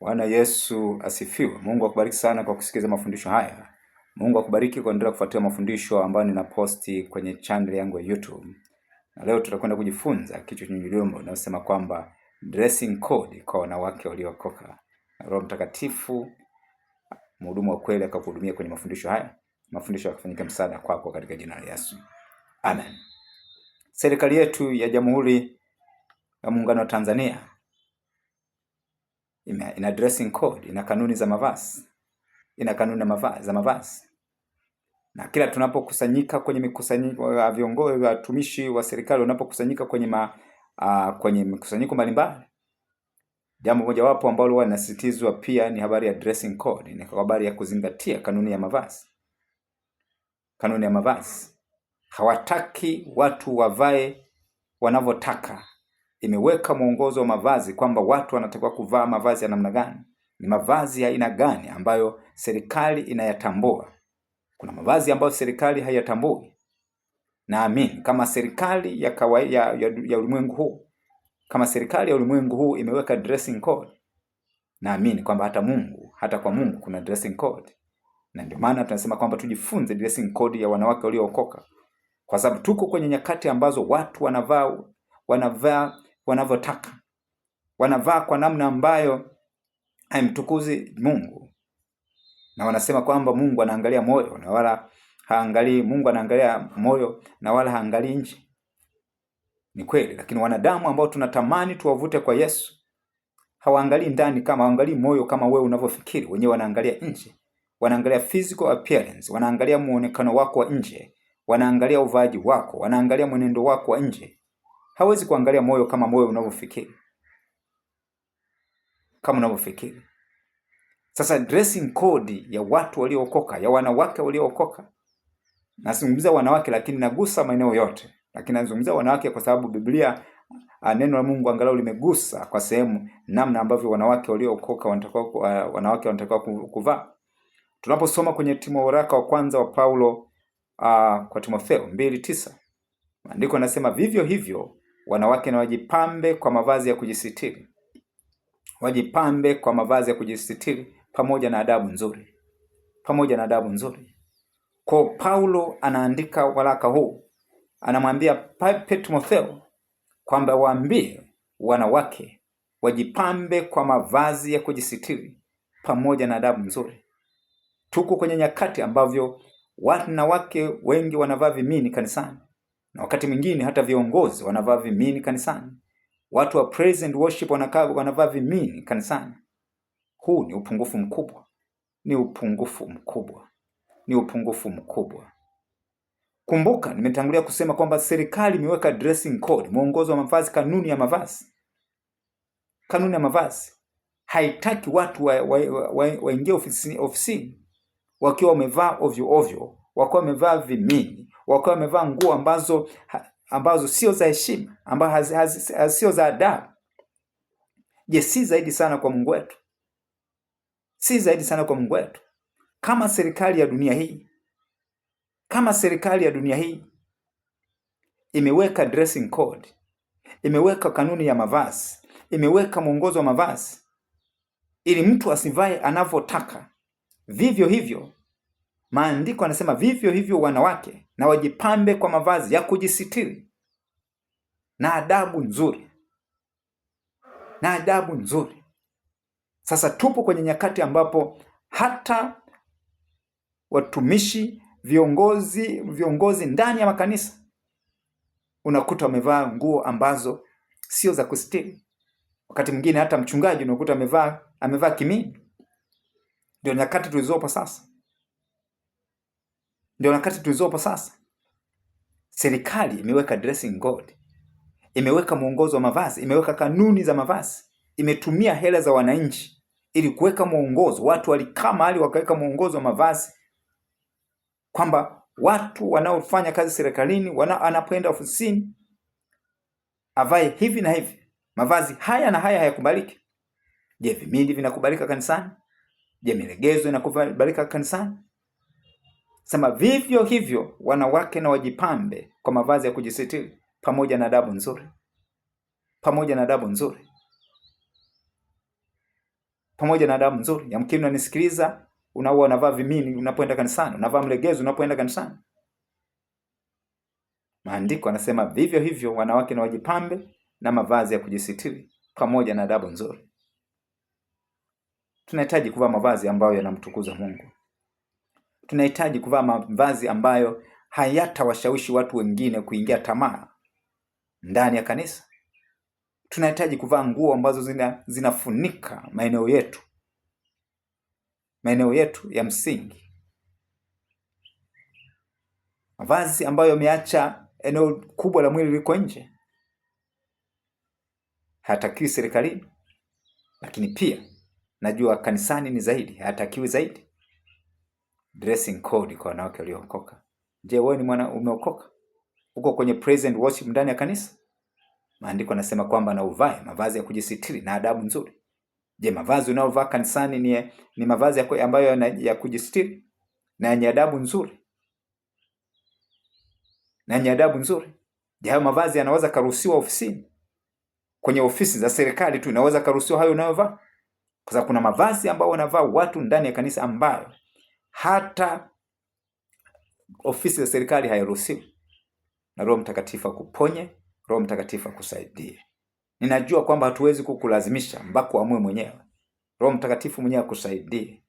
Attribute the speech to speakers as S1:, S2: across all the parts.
S1: Bwana Yesu asifiwe. Mungu akubariki sana kwa kusikiliza mafundisho haya. Mungu akubariki kuendelea kufuatilia mafundisho ambayo ninaposti kwenye channel yangu ya YouTube. Na leo tutakwenda kujifunza kichwa chenye ujumbe unaosema kwamba dressing code kwa wanawake waliokoka. Roho Mtakatifu mhudumu wa kweli akakuhudumia kwenye mafundisho haya. Mafundisho yakafanyika msaada kwako katika jina la Yesu. Amen. Serikali yetu ya Jamhuri ya Muungano wa Tanzania ina, ina dressing code, ina kanuni za mavazi, ina kanuni za mavazi. Na kila tunapokusanyika kwenye mikusanyiko ya viongozi watumishi wa serikali wanapokusanyika kwenye ma, a, kwenye mikusanyiko mbalimbali, jambo mojawapo ambalo huwa linasisitizwa pia ni habari ya dressing code, ni habari ya kuzingatia kanuni ya mavazi, kanuni ya mavazi. Hawataki watu wavae wanavyotaka imeweka mwongozo wa mavazi kwamba watu wanatakiwa kuvaa mavazi ya namna gani, ni mavazi ya aina gani ambayo serikali inayatambua. Kuna mavazi ambayo serikali haiyatambui. Naamini kama serikali ya kawaida ya, ya, ya ulimwengu huu kama serikali ya ulimwengu huu imeweka dressing code, naamini kwamba hata Mungu hata kwa Mungu kuna dressing code, na ndio maana tunasema kwamba tujifunze dressing code ya wanawake waliookoka, kwa sababu tuko kwenye nyakati ambazo watu wanavaa wanavaa wanavyotaka, wanavaa kwa namna ambayo haimtukuzi Mungu, na wanasema kwamba Mungu anaangalia moyo na wala haangalii. Mungu anaangalia moyo na wala haangalii nje. Ni kweli, lakini wanadamu ambao tunatamani tuwavute kwa Yesu hawaangalii ndani, kama hawaangalii moyo kama wewe unavyofikiri. Wenyewe wanaangalia nje, wanaangalia physical appearance, wanaangalia muonekano wako wa nje, wanaangalia uvaaji wako, wanaangalia mwenendo wako wa nje, hawezi kuangalia moyo kama moyo unavyofikiri kama unavyofikiri. Sasa dressing code ya watu waliookoka, ya wanawake waliookoka, nazungumzia wanawake, lakini nagusa maeneo yote, lakini nazungumzia wanawake kwa sababu Biblia, ah, neno la Mungu angalau limegusa kwa sehemu namna ambavyo wanawake waliookoka wanatakiwa, ah, wanawake wanatakiwa kuvaa. Tunaposoma kwenye Timo waraka wa kwanza wa Paulo uh, kwa Timotheo mbili tisa maandiko yanasema vivyo hivyo wanawake na wajipambe kwa mavazi ya kujisitiri, wajipambe kwa mavazi ya kujisitiri pamoja na adabu nzuri, pamoja na adabu nzuri. Kwa Paulo anaandika waraka huu, anamwambia Timotheo kwamba waambie wanawake wajipambe kwa mavazi ya kujisitiri pamoja na adabu nzuri. Tuko kwenye nyakati ambavyo wanawake wengi wanavaa vimini kanisani na wakati mwingine hata viongozi wanavaa vimini kanisani, watu wa praise and worship wanakaa wanavaa vimini kanisani. Huu ni upungufu mkubwa, ni upungufu mkubwa, ni upungufu mkubwa. Kumbuka, nimetangulia kusema kwamba serikali imeweka dressing code, mwongozo wa mavazi, kanuni ya mavazi, kanuni ya mavazi. Haitaki watu waingie wa, wa, wa ofisini ofisini wakiwa wamevaa ovyo ovyo wakiwa wamevaa vimini, wakiwa wamevaa nguo ambazo ambazo sio za heshima, ambazo sio za adabu. Je, si zaidi sana kwa Mungu wetu? Si zaidi sana kwa Mungu wetu? Kama serikali ya dunia hii, kama serikali ya dunia hii imeweka dressing code, imeweka kanuni ya mavazi, imeweka mwongozo wa mavazi ili mtu asivae anavyotaka, vivyo hivyo Maandiko anasema vivyo hivyo wanawake na wajipambe kwa mavazi ya kujisitiri na adabu nzuri, na adabu nzuri. Sasa tupo kwenye nyakati ambapo hata watumishi, viongozi, viongozi ndani ya makanisa unakuta wamevaa nguo ambazo sio za kusitiri. Wakati mwingine hata mchungaji unakuta amevaa amevaa kimini. Ndio nyakati tulizopo sasa. Ndio nyakati tulizopo sasa. Serikali imeweka dressing code, imeweka mwongozo wa mavazi, imeweka kanuni za mavazi, imetumia hela za wananchi ili kuweka mwongozo. Watu walikaa mahali wakaweka mwongozo wa mavazi kwamba watu wanaofanya kazi serikalini wana, anapoenda ofisini avae hivi na hivi mavazi haya na haya hayakubaliki. Je, vimindi vinakubalika kanisani? Je, milegezo inakubalika kanisani? Sema vivyo hivyo wanawake na wajipambe kwa mavazi ya kujisitiri pamoja na adabu nzuri, pamoja na adabu nzuri, pamoja na adabu nzuri. Yamkini unanisikiliza unaua, unavaa vimini unapoenda kanisani, unavaa mlegezo unapoenda kanisani. Maandiko anasema vivyo hivyo wanawake na wajipambe na mavazi ya kujisitiri pamoja na adabu nzuri. Tunahitaji kuvaa mavazi ambayo yanamtukuza Mungu tunahitaji kuvaa mavazi ambayo hayatawashawishi watu wengine kuingia tamaa ndani ya kanisa. Tunahitaji kuvaa nguo ambazo zina, zinafunika maeneo yetu maeneo yetu ya msingi, mavazi ambayo yameacha eneo kubwa la mwili liko nje. hayatakiwi serikalini, lakini pia najua kanisani ni zaidi, hayatakiwi zaidi dressing code kwa wanawake waliookoka. Je, wewe ni mwana umeokoka? Uko kwenye praise and worship ndani ya kanisa? Maandiko anasema kwamba na uvae mavazi ya kujisitiri na adabu nzuri. Je, mavazi unayovaa kanisani ni, ni mavazi ya ambayo na, ya kujisitiri na yenye adabu nzuri na yenye adabu nzuri? Je, hayo mavazi yanaweza karuhusiwa ofisini? Kwenye ofisi za serikali tu inaweza karuhusiwa hayo unayovaa? Kwa sababu kuna mavazi ambayo wanavaa watu ndani ya kanisa ambayo hata ofisi za serikali hairuhusiwi, na Roho Mtakatifu akuponye, Roho Mtakatifu akusaidie. Ninajua kwamba hatuwezi kukulazimisha mpaka uamue mwenyewe. Roho Mtakatifu mwenyewe akusaidie,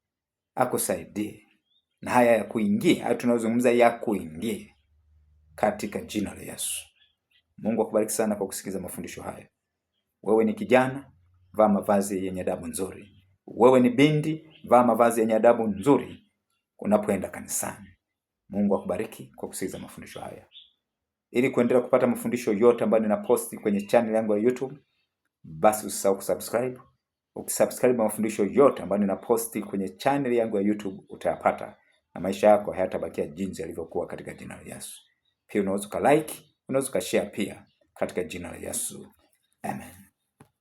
S1: akusaidie na haya ya kuingia, haya tunayozungumza ya kuingia, katika jina la Yesu. Mungu akubariki sana kwa kusikiza mafundisho haya. Wewe ni kijana, vaa mavazi yenye adabu nzuri. Wewe ni binti, vaa mavazi yenye adabu nzuri unapoenda kanisani. Mungu akubariki kwa kusikiliza mafundisho haya. Ili kuendelea kupata mafundisho yote ambayo ninaposti kwenye channel yangu ya YouTube, basi usisahau kusubscribe. Ukisubscribe, mafundisho yote ambayo ninaposti kwenye channel yangu ya YouTube utayapata na maisha yako hayatabakia jinsi yalivyokuwa katika jina la Yesu. Pia unaweza ukalike, unaweza ukashare pia katika jina la Yesu. Amen.